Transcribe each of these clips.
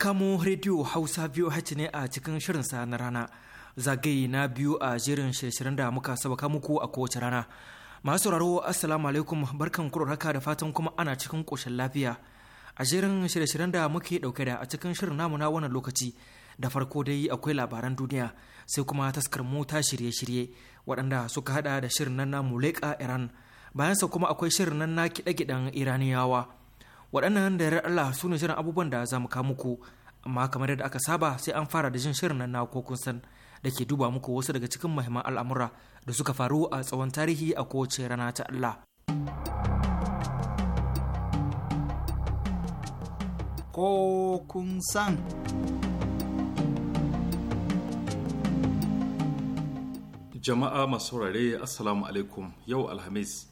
kamo rediyo hausa biyu hace ne a cikin shirin sa na rana zagaye na biyu a jerin shirye da muka sabaka muku a kowace rana masu sauraro assalamu alaikum barkan haka da fatan kuma ana cikin koshin lafiya a jerin shirye da muke dauke da a cikin shirin namu na wannan lokaci da farko dai akwai labaran duniya sai kuma taskar mota shirye-shirye waɗanda suka hada da shirin nan namu leka iran bayansa kuma akwai shirin nan na kiɗe-kiɗen iraniyawa waɗannan da Allah su ne shirin abubuwan da za mu kawo muku amma kamar yadda aka saba sai an fara da jin shirin nan na kokun san da ke duba muku wasu daga cikin muhimman al'amura da suka faru a tsawon tarihi a kowace rana ta Allah. Kokun san Jama'a masu saurare Assalamu alaikum yau Alhamis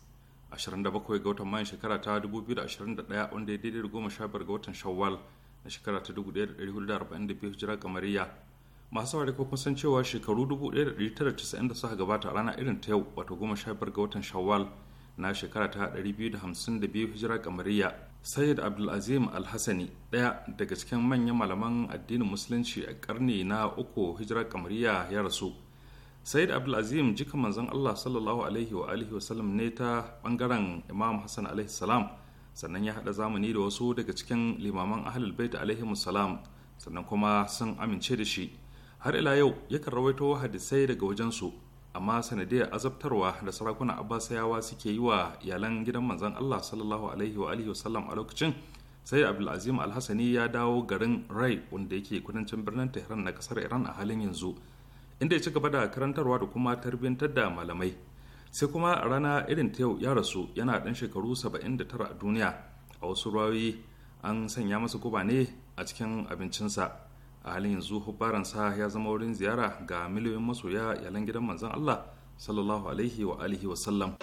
27 ga watan mayan shekara ta 2021 wanda ya daidai da 15 ga watan Shawwal na shekara ta 1442 hijira kamariya masu saurari ko kun san cewa shekaru 1990 da suka gabata a rana irin ta yau wato 15 ga watan shawwal na shekara ta 252 hijira kamariya sayyid abdulazim alhassani ɗaya daga cikin manyan malaman addinin musulunci a karni na uku hijira kamariya ya rasu sayyid abdulazim jika manzon allah sallallahu alaihi wa alihi ne ta bangaren imam hassan alaihi salam sannan ya haɗa zamani da wasu daga cikin limaman ahlul bait alaihi salam sannan kuma sun amince da shi har ila yau yakan rawaito hadisai daga wajensu amma sanadiyar azabtarwa da sarakuna abbasayawa suke yi wa iyalan gidan manzon allah sallallahu alaihi wa alihi wasallam a lokacin sai abdulazim alhassani ya dawo garin rai wanda yake kudancin birnin tehran na kasar iran a halin yanzu inda ya ci gaba da karantarwa da kuma tarbiyyantar da malamai sai kuma a rana irin ta yau ya rasu yana ɗan shekaru 79 a duniya a wasu rawi an sanya masa guba ne a cikin abincinsa a halin yanzu hubbaransa ya zama wurin ziyara ga miliyoyin masoya yalan gidan manzon Allah sallallahu alaihi wa alihi wa sallam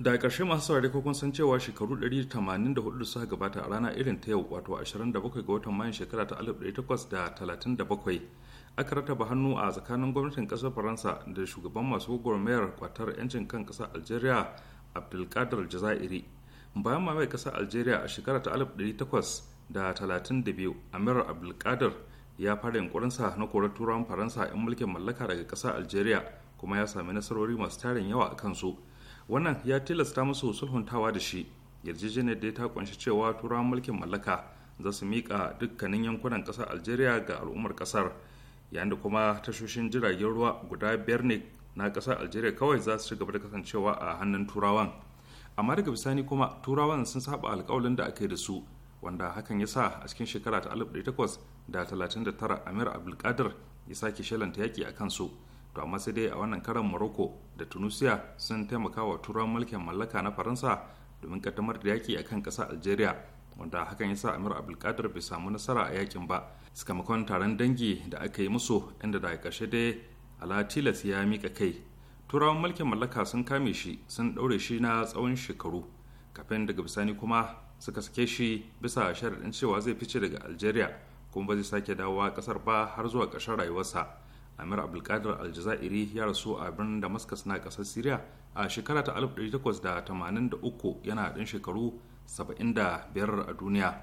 da ƙarshe masu saurari ko kun san cewa shekaru 184 da suka gabata a rana irin ta yau wato 27 ga watan mayun shekara ta 1837 aka rataba hannu a tsakanin gwamnatin kasar faransa da shugaban masu gwagwarmayar kwatar 'yancin kan kasar algeria abdulkadir jazairi bayan mamaye kasar algeria a shekara ta 1832 amir abdulkadir ya fara yunkurinsa na korar turawan faransa 'yan mulkin mallaka daga kasar algeria kuma ya sami nasarori masu tarin yawa a kansu wannan ya tilasta musu sulhuntawa da shi yarjejeniyar da ta kunshi cewa turawan mulkin mallaka za su miƙa dukkanin yankunan ƙasar algeria ga al'ummar ƙasar yayin da kuma tashoshin jiragen ruwa guda biyar ne na ƙasar algeria kawai za su ci gaba da kasancewa a hannun turawan amma daga bisani kuma turawan sun saba alkawalin da aka yi da su wanda hakan ya sa a cikin shekara ta 1839 amir abdulkadir ya sake shalanta yaƙi a kansu to amma sai dai a wannan karan morocco da tunisia sun taimaka wa turawan mulkin mallaka na faransa domin kaddamar da yaƙi a kan ƙasar algeria wanda hakan ya sa amir abdulkadir bai samu nasara a yakin ba sakamakon taron dangi da aka yi musu inda daga ƙarshe dai ala tilas ya mika kai turawan mulkin mallaka sun kame shi sun ɗaure shi na tsawon shekaru kafin daga bisani kuma suka sake shi bisa sharaɗin cewa zai fice daga algeria kuma ba zai sake dawowa ƙasar ba har zuwa ƙarshen rayuwarsa amir abdulkadir aljazairi ya rasu a birnin damascus na ƙasar syria a shekara ta 1883 yana ɗan shekaru 75 a duniya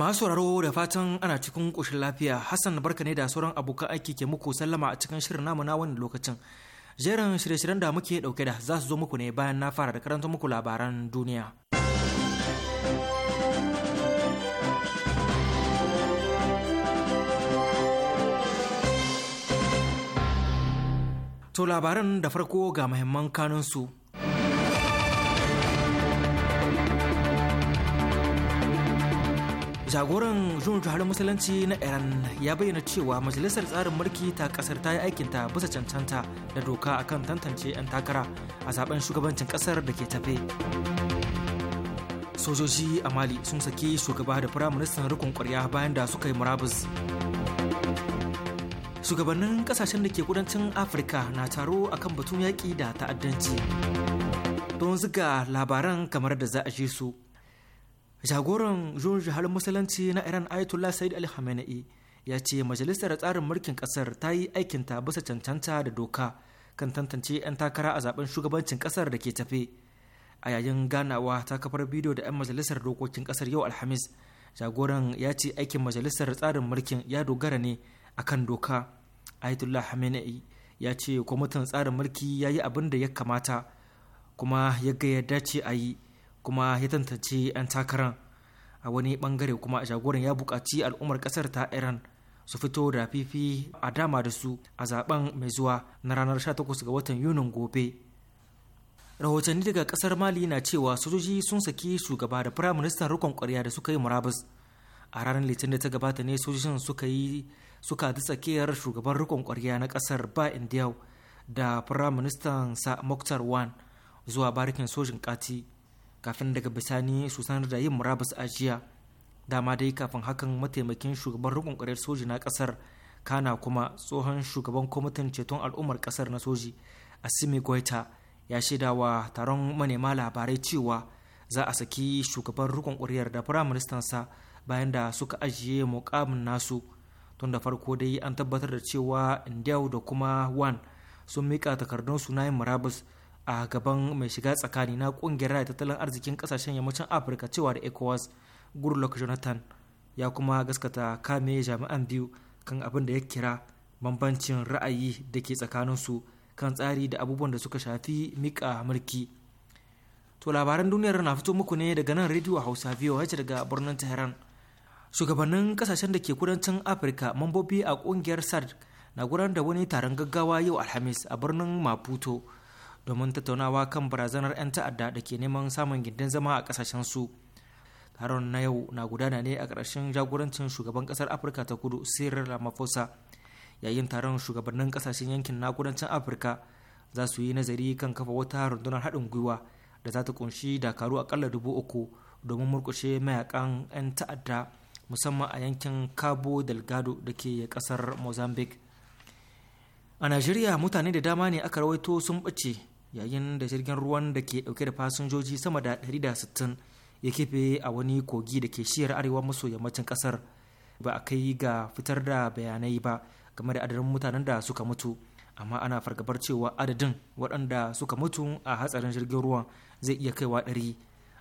Masu sauraro da fatan ana cikin ƙoshin lafiya Hassan barka ne da sauran abokan aiki ke muku sallama a cikin shirin namu na wani lokacin. Jerin shirye-shiryen da muke ɗauke da za su zo muku ne bayan na fara da karanta muku labaran duniya. To labaran da farko ga mahimman kanunsu. jagoran jun jihar musulunci na iran ya bayyana cewa majalisar tsarin mulki ta kasar ta yi aikinta bisa cancanta da doka akan tantance 'yan takara a zaben shugabancin kasar da ke tafe sojoji a mali sun saki shugaba da firaministan rukun kwarya bayan da suka yi murabus shugabannin kasashen da ke kudancin afirka na taro akan batun yaƙi da ta'addanci don ziga labaran kamar da za a su jagoran jorji halin musulunci na iran ayatollah said ali khamenei ya ce majalisar tsarin mulkin kasar ta yi ta bisa cancanta da doka kan tantance 'yan takara a zaben shugabancin kasar da ke tafe a yayin ganawa ta kafar bidiyo da 'yan majalisar dokokin kasar yau alhamis jagoran ya ce aikin majalisar tsarin mulkin ya dogara ne akan doka ayatollah khamenei ya ce kwamitin tsarin mulki ya yi abin da ya kamata kuma ya ga ya dace a yi kuma ya tantance 'yan takaran a wani bangare kuma jagoran ya bukaci al'ummar ƙasar ta iran su fito da fifi a dama da su a zaben mai zuwa na ranar 18 ga watan yunin gobe rahotanni daga kasar mali na cewa sojoji sun saki shugaba da firayim ministan rukun kwarya da suka yi murabus a ranar litinin da ta gabata ne sojojin suka yi suka da tsakiyar shugaban rukun kwarya na kasar ba indiyau da firayim ministan sa moktar wan zuwa barikin sojin kati kafin daga bisani su sanar da yin murabus a jiya dama dai kafin hakan mataimakin shugaban rukun kwarar soji na kasar kana kuma tsohon shugaban kwamitin ceton al'ummar kasar na soji a goita ya shaida wa taron manema labarai cewa za a saki shugaban rukun kuriyar da sa bayan da suka ajiye mukamin nasu tun da farko dai an tabbatar da cewa indyau da kuma wan sun mika takardunsu na yin murabus a gaban mai shiga tsakani na kungiyar raya tattalin arzikin kasashen yammacin afirka cewa da ecowas gurlok jonathan ya kuma gaskata kame jami'an biyu kan abin da ya kira bambancin ra'ayi da ke su kan tsari da abubuwan da suka shafi mika mulki to labaran duniyar na fito muku ne daga nan rediyo hausa wacce daga birnin tehran shugabannin kasashen da ke kudancin afirka mambobi a kungiyar sard na gudanar da wani taron gaggawa yau alhamis a birnin maputo domin tattaunawa kan barazanar 'yan ta'adda da ke neman samun gindin zama a kasashen su taron na yau na gudana ne a ƙarshen jagorancin shugaban ƙasar afirka ta kudu cyril ramaphosa yayin taron shugabannin ƙasashen yankin na kudancin afirka za su yi nazari kan kafa wata rundunar haɗin gwiwa da za ta kunshi dakaru akalla dubu uku domin murkushe mayakan 'yan ta'adda musamman a yankin cabo delgado da ke ƙasar mozambique a najeriya mutane da dama ne aka rawaito sun ɓace yayin da jirgin ruwan da ke dauke da fasinjoji sama da 160 ya kefe a wani kogi da ke shiyar arewa maso yammacin kasar ba a kai ga fitar da bayanai ba game da adadin mutanen da suka mutu amma ana fargabar cewa adadin waɗanda suka mutu a hatsarin jirgin ruwan zai iya kaiwa ɗari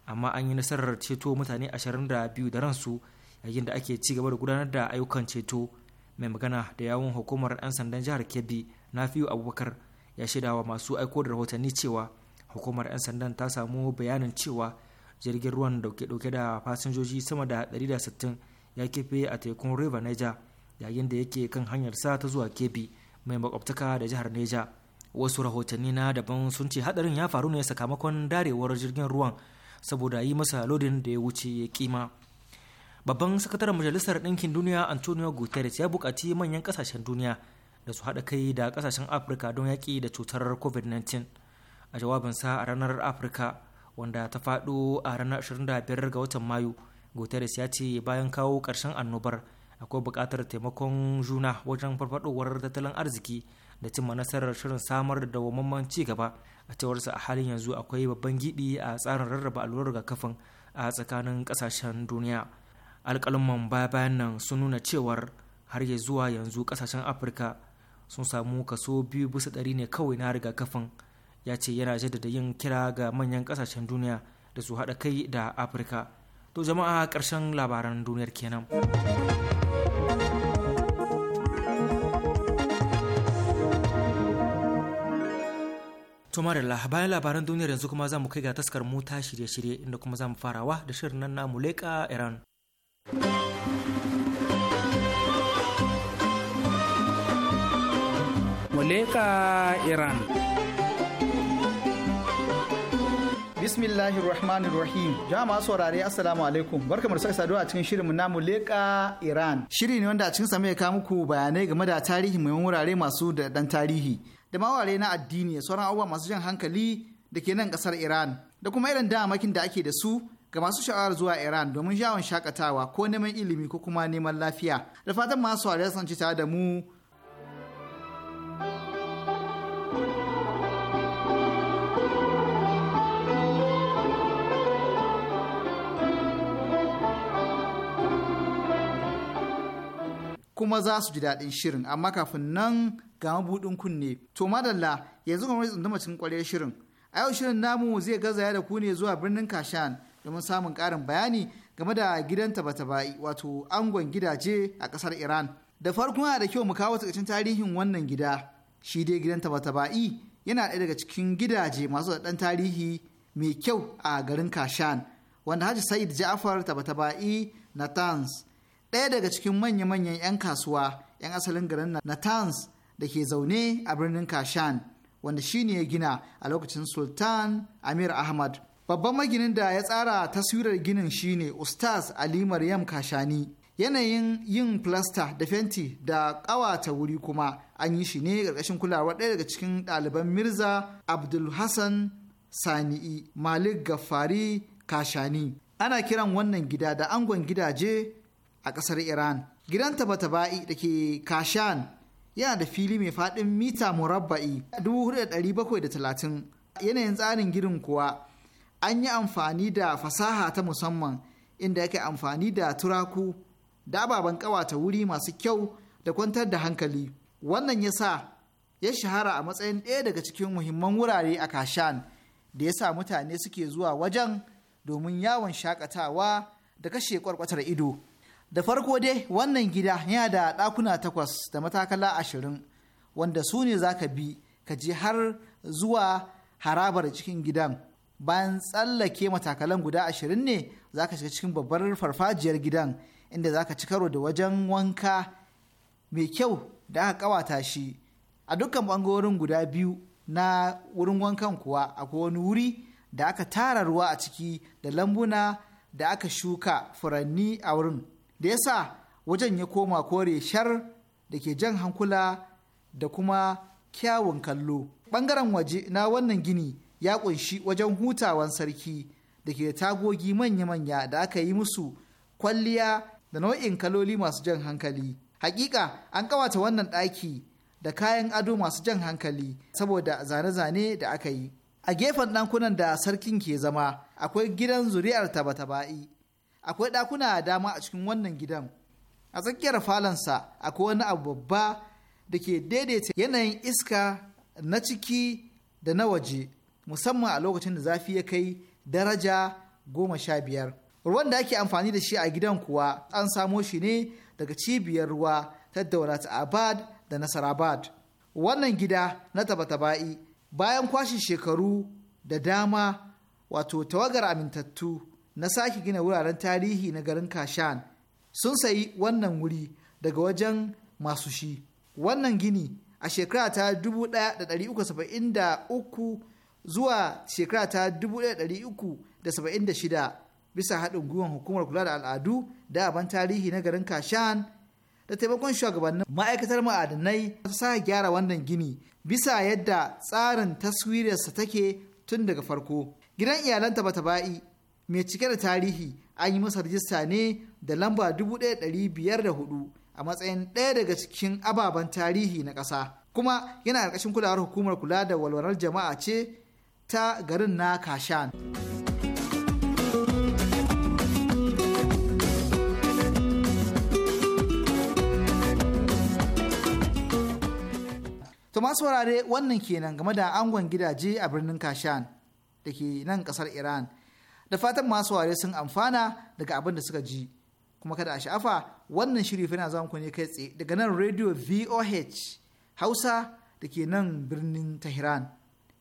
amma an yi nasarar ceto mutane 22 da ransu yayin da ake ci gaba da gudanar da ayyukan ceto mai magana da yawon hukumar 'yan sandan jihar kebbi na fiye abubakar ya shaida wa masu aiko da rahotanni cewa hukumar 'yan sandan ta samu bayanin cewa jirgin ruwan dauke-dauke da fasinjoji sama da 160 ya kefe a tekun river niger yayin da yake kan hanyarsa ta zuwa kebi mai makwabtaka da jihar neja wasu rahotanni na daban sun ce hadarin ya faru ne sakamakon darewar jirgin ruwan saboda yi masa lodin da ya wuce ya kima babban sakataren majalisar ɗinkin duniya antonio guterres ya buƙaci manyan ƙasashen duniya da su haɗa kai da ƙasashen afirka don yaƙi da cutar covid-19 a jawabinsa a ranar afirka wanda ta faɗo a ranar 25 ga watan mayu guterres ya ce bayan kawo ƙarshen annobar akwai buƙatar taimakon juna wajen farfadowar tattalin arziki da cimma nasarar shirin samar da dawwammamen ci gaba a cewarsa a halin yanzu akwai babban giɗi a tsarin rarraba allurar kafin a tsakanin ƙasashen duniya alƙalumman baya bayan nan sun nuna cewar har ya zuwa yanzu ƙasashen afirka sun samu kaso biyu bisa ɗari ne kawai na rigakafin ya ce yana jaddada yin kira ga manyan ƙasashen duniya da su haɗa kai da afirka to jama'a ƙarshen labaran duniyar kenan to da bayan labaran duniyar yanzu kuma za mu kai ga taskar mu ta shirye-shirye inda kuma za mu farawa da shirin nan na muleka iran muleka iran bismillahir rahmanir rahim jama'a saurare assalamu alaikum barkamu da sake saduwa a cikin shirinmu na muleka iran shiri ne wanda a cikin sa mai kawo muku bayanai game da tarihi mai wurare masu da dan tarihi da maware na addini da sauran abubuwa masu jan hankali da ke nan kasar iran da kuma irin damakin da ake da su ga masu sha'awar zuwa Iran domin yawon shakatawa ko neman ilimi ko kuma neman lafiya. Da fatan masu saurari sun ci tare da mu kuma za su ji daɗin shirin amma kafin nan ga mabuɗin kunne to madalla yanzu kuma mai tsunduma cikin kwarai shirin a yau shirin namu zai gazaya da ku ne zuwa birnin kashan domin samun karin bayani game da gidan taba wato angon gidaje a ƙasar iran da farko yana da kyau mu kawo takaicin tarihin wannan gida shi dai gidan tabataba'i yana ɗaya daga cikin gidaje masu da tarihi mai kyau a garin kashan wanda haji sa'id ja'far taba na tans. ɗaya daga cikin manya-manyan 'yan kasuwa 'yan asalin garin Natanz da ke zaune a birnin Kashan wanda shine ya gina a lokacin Sultan Amir Ahmad. Babban maginin da ya tsara taswirar ginin shine Ustaz Ali Maryam Kashani. Yanayin yin filasta da fenti da ƙawata wuri kuma an yi shi ne ƙarƙashin kulawar ɗaya daga cikin ɗaliban Mirza Abdul Hassan Sani'i Malik Gaffari Kashani. Ana kiran wannan gida da angon gidaje a ƙasar Iran. Gidan Tabatabai da ke Kashan yana da fili mai faɗin mita murabba'i 4,730 yanayin tsarin girin kuwa an yi amfani da fasaha ta musamman inda yake amfani da turaku da ababen ƙawata wuri masu kyau da kwantar da hankali. Wannan ya sa ya shahara a matsayin ɗaya daga cikin muhimman wurare a Kashan da ya sa mutane suke zuwa wajen domin yawon shakatawa da kashe kwarkwatar ido. da farko dai wannan gida yana da ɗakuna takwas da matakala ashirin wanda su ne za ka bi ka je har zuwa harabar cikin gidan bayan tsallake matakalan guda ashirin ne za ka shiga cikin babbar farfajiyar gidan inda za ka ci karo da wajen wanka mai kyau da aka kawata shi a dukkan bangarorin guda biyu na wurin wankan kuwa akwai wani wuri da aka tara ruwa a ciki da lambuna da aka shuka furanni a wurin da ya sa wajen ya koma kore shar da ke jan hankula da kuma kyawun kallo Bangaren waje na wannan gini ya ƙunshi wajen hutawan sarki da ke tagogi manya-manya da aka yi musu kwalliya da nau'in kaloli masu jan hankali hakika an kawata wannan ɗaki da kayan ado masu jan hankali saboda zane-zane da aka yi a gefen ɗankunan da sarkin ke zama akwai gidan zuri'ar taba-taba'i akwai ɗakuna dama a cikin wannan gidan a tsakiyar falansa akwai wani abu babba da ke daidaita yanayin iska na ciki da na waje musamman a lokacin da zafi ya kai daraja goma sha biyar ruwan da ake amfani da shi a gidan kuwa an samo shi ne daga cibiyar ruwa ta daulat abad da nasarabad wannan gida na taba-taba'i bayan kwashe shekaru da dama wato tawagar amintattu na sake gina wuraren tarihi na garin kashan sun sayi wannan wuri daga wajen masu shi wannan gini a shekara ta 1373 zuwa shekara ta 1376 bisa haɗin gwiwar hukumar kula da al'adu da aban tarihi na garin kashan da taimakon shugabannin ma'aikatar ma'adanai ta sa gyara wannan gini bisa yadda tsarin taswirarsa take tun daga farko gidan iyalanta bata ba'i mai cike da tarihi an yi masa rajista ne da lamba 1504 a matsayin ɗaya daga cikin ababen tarihi na ƙasa kuma yana ƙarƙashin kulawar hukumar kula da walwalar jama'a ce ta garin na kashan. To masu wurare wannan kenan game da angon gidaje a birnin Kashan da ke nan kasar Iran da fatan masu ware sun amfana daga abin da suka ji kuma kada a sha'afa wannan shiri fina za ku ne kai tse daga nan radio voh hausa da ke nan birnin tehran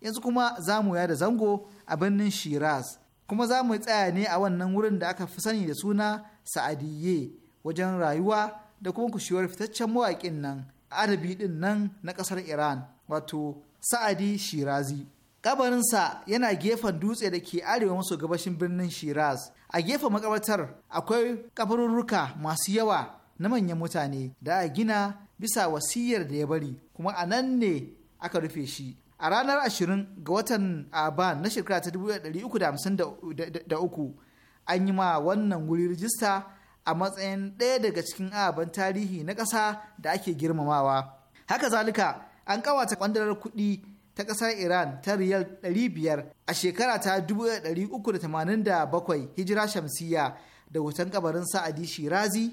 yanzu kuma za mu yada zango a birnin shiraz kuma za mu tsaya ne a wannan wurin da aka fi sani da suna sa'adiyye wajen rayuwa da kuma kushewar fitaccen mawaƙin nan adabi din nan na ƙasar iran wato sa'adi shirazi Kabarinsa yana gefen dutse da ke arewa maso gabashin birnin Shiraz. A gefen makabartar akwai kabarurruka masu yawa na manyan mutane da a gina bisa wasiyar da ya bari kuma a nan ne aka rufe shi. A ranar 20 ga watan Aban na shekara ta uku, an yi ma wannan wuri rijista a matsayin ɗaya daga cikin ababen tarihi na ƙasa da ake girmamawa. Haka zalika an ƙawata kwandarar kuɗi ta ƙasar Iran ta riyal 500 a shekara ta 1387 hijira shamsiya da hoton kabarin Sa'adi Shirazi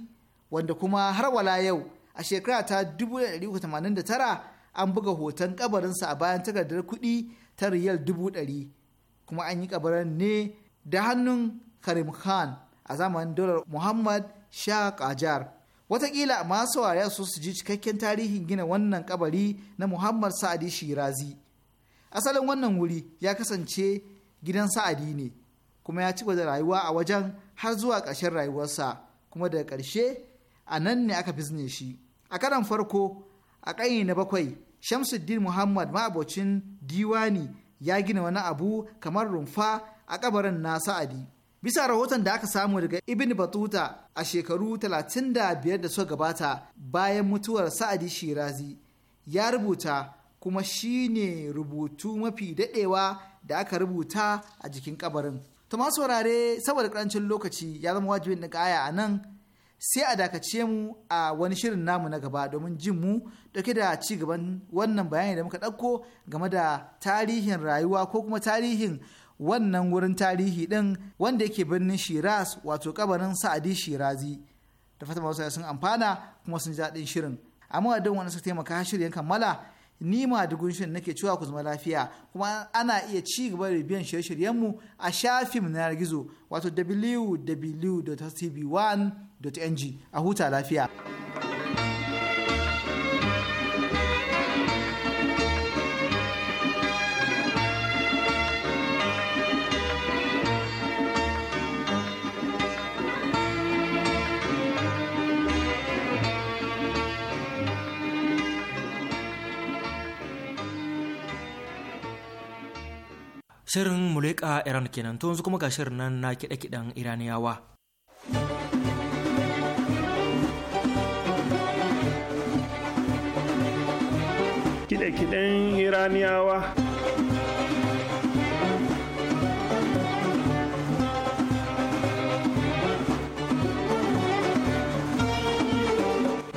wanda kuma har wala yau a shekara ta 1989 an buga hoton kabarinsa a bayan takardar kuɗi ta riyal 100 kuma an yi kabarin ne da hannun Karim Khan a zamanin dolar Muhammad Shah Qajar. watakila masu wariya su su ji cikakken tarihin gina wannan kabari na Muhammad Sa'adi Shirazi. asalin wannan wuri ya kasance gidan sa'adi ne kuma ya ci da rayuwa a wajen har zuwa ƙarshen rayuwarsa kuma daga ƙarshe a nan ne aka bizne shi a karan farko a ƙanyi na bakwai shamsuddin muhammad ma'abocin diwani ya gina wani abu kamar rumfa a ƙabarin na sa'adi bisa rahoton da aka samu daga ibn batuta a shekaru 35 da suka gabata bayan mutuwar sa'adi shirazi ya rubuta kuma shi ne rubutu mafi daɗewa da aka rubuta a jikin kabarin. To saurare saboda ƙarancin lokaci ya zama wajibin da ƙaya a nan sai a dakace mu a wani shirin namu na gaba domin jin mu dauke da ci gaban wannan bayani da muka ɗauko game da tarihin rayuwa ko kuma tarihin wannan wurin tarihi ɗin wanda yake birnin Shiraz wato kabarin Sa'adi Shirazi. Da fata masu sun amfana kuma sun ji daɗin shirin. Amma wadda wani suka taimaka shirin kammala ni ma dugun shirin nake cewa ku zama lafiya kuma ana iya ci gaba da biyan shirye-shiryenmu a shafin na gizo wato www.tv1.ng a huta lafiya. Shirin Muleka Iran kenan to yanzu kuma ga shirin nan na kiɗe-kiɗen Iraniyawa. Kiɗe-kiɗen Iraniyawa.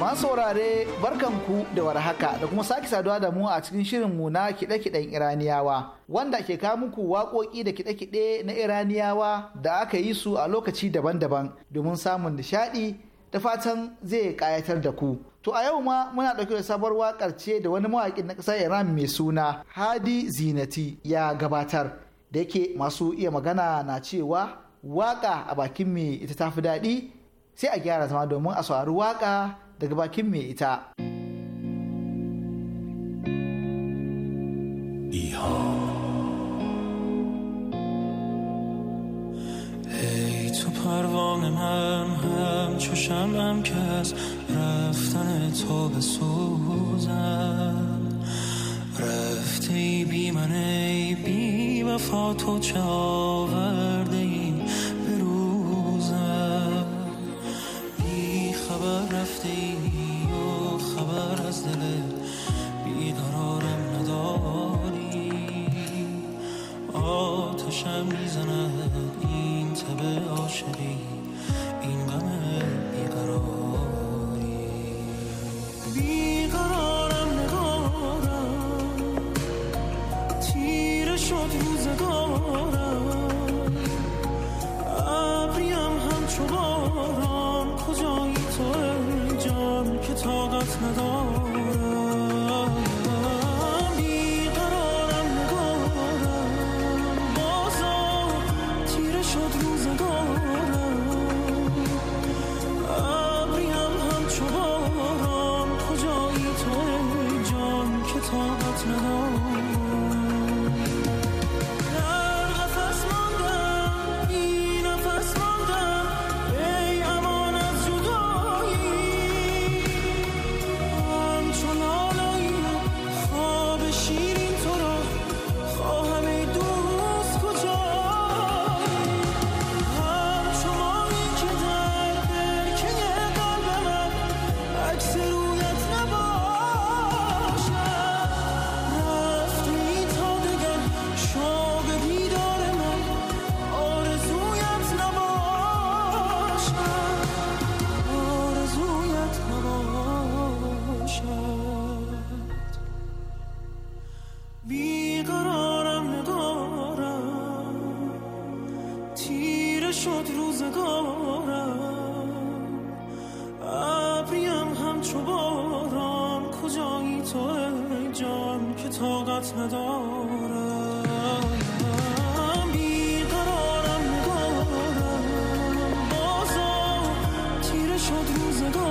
Masu saurare barkanku da warhaka da kuma sake saduwa da mu a cikin shirinmu na kiɗe-kiɗen Iraniyawa wanda ke kawo muku waƙoƙi da kiɗe-kiɗe na Iraniyawa da aka yi su a lokaci daban-daban domin samun nishaɗi da fatan zai ƙayatar da ku. To a yau ma muna ɗauke da sabuwar waƙar ce da wani mawaƙin na ƙasar Iran mai suna Hadi Zinati ya gabatar da yake masu iya magana na cewa waƙa a bakin mai ita tafi daɗi sai a gyara zama domin a saurari waƙa daga bakin mai ita ای تو پروانه من هم چو هم که رفتن تو به سوزن رفتی بی من ای بی وفا تو چاور شم میزند این تبه عاشقی این غم شد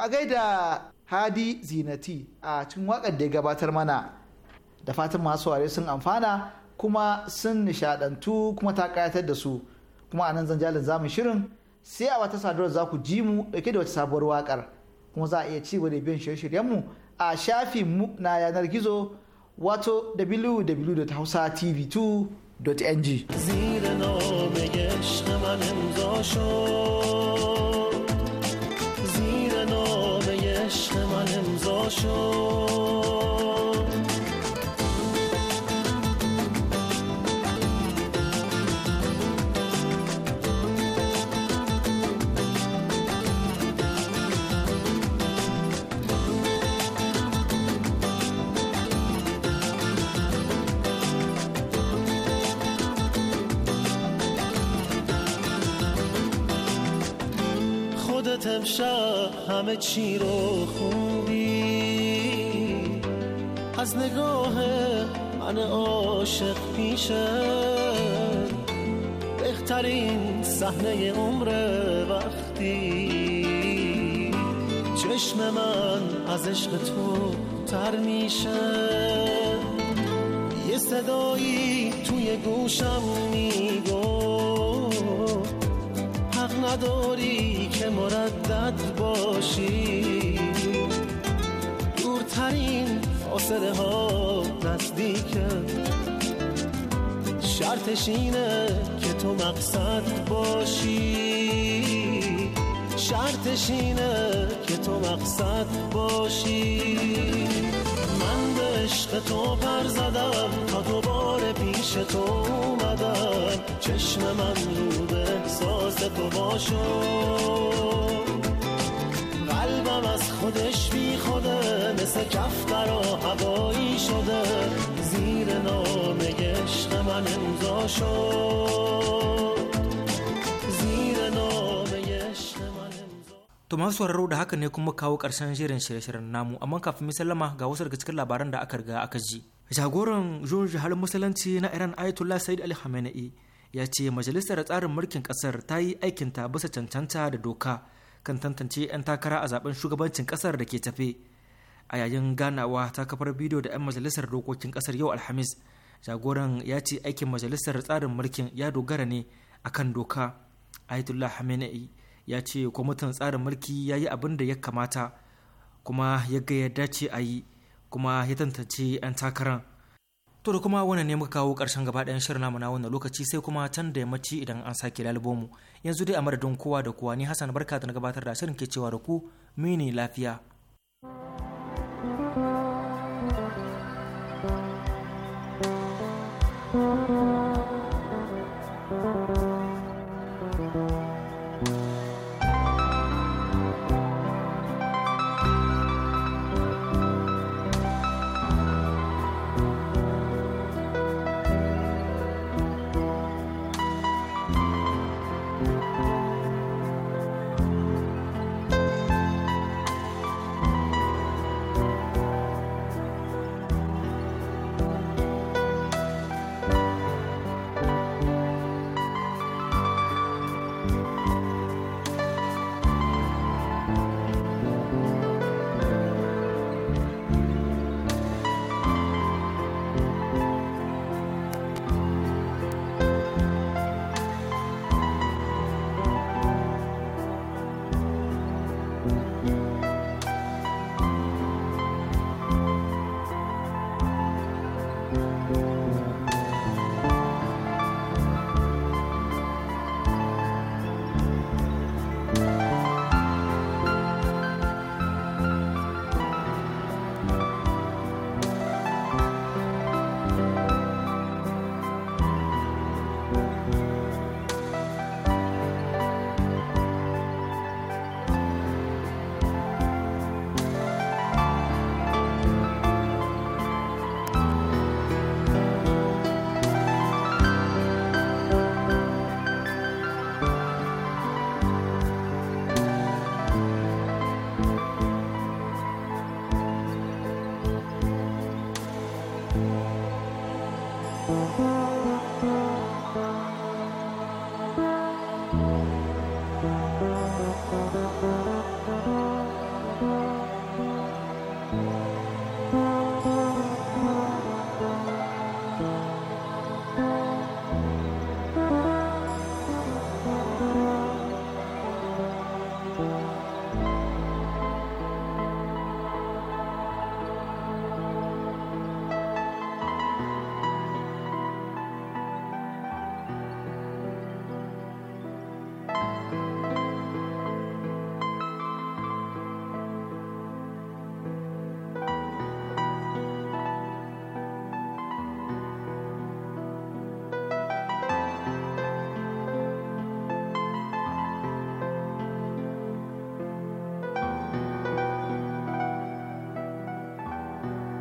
a gaida hadi zinati a cikin wakar da ya gabatar mana da fatan masu ware sun amfana kuma sun nishadantu kuma ta kayatar da su kuma a nan zanjalin zamu shirin sai a wata sadarwar za ku ji mu dauke da wata sabuwar wakar kuma za a iya ci da biyan shirye mu a shafin mu na yanar gizo wato www.hausatv2.ng زیر نام خودت امشب همه چی رو خوبی از نگاه من عاشق میشه بهترین صحنه عمر وقتی چشم من از عشق تو تر میشه یه صدایی توی گوشم میگو حق نداری که مردد باشی دورترین فاصله ها نزدیکه شرطش اینه که تو مقصد باشی شرطش اینه که تو مقصد باشی من به عشق تو پر زدم تا دوباره پیش تو اومدم چشم من رو به احساس تو باشم از خودش بی خوده مثل کفتر و هوایی شده زیر نام عشق من امضا To masu sauraro da haka ne kuma kawo ƙarshen shirin shirye-shiryen namu amma kafin mu sallama ga wasu daga cikin labaran da aka riga aka ji. Jagoran George Halin Musulunci na Iran Ayatollah Said Ali Khamenei ya ce majalisar tsarin mulkin ƙasar ta yi aikinta bisa cancanta da doka kan tantance 'yan takara a zaben shugabancin kasar da ke tafe a yayin ganawa ta kafar bidiyo da 'yan majalisar dokokin kasar yau alhamis jagoran ya ce aikin majalisar tsarin mulkin ya dogara ne akan doka ayatollah hamenei ya ce kwamitin tsarin mulki ya yi abin da ya kamata kuma ya ga ya dace a yi kuma ya tantance 'yan takarar To da kuma wannan ne muka kawo ƙarshen gaba ɗayan shirin namu na wannan lokaci sai kuma can da yammaci idan an sake lalubo mu. Yanzu dai a madadin kowa da kowa ni Hassan Barka da na gabatar da shirin ke cewa da ku mini lafiya.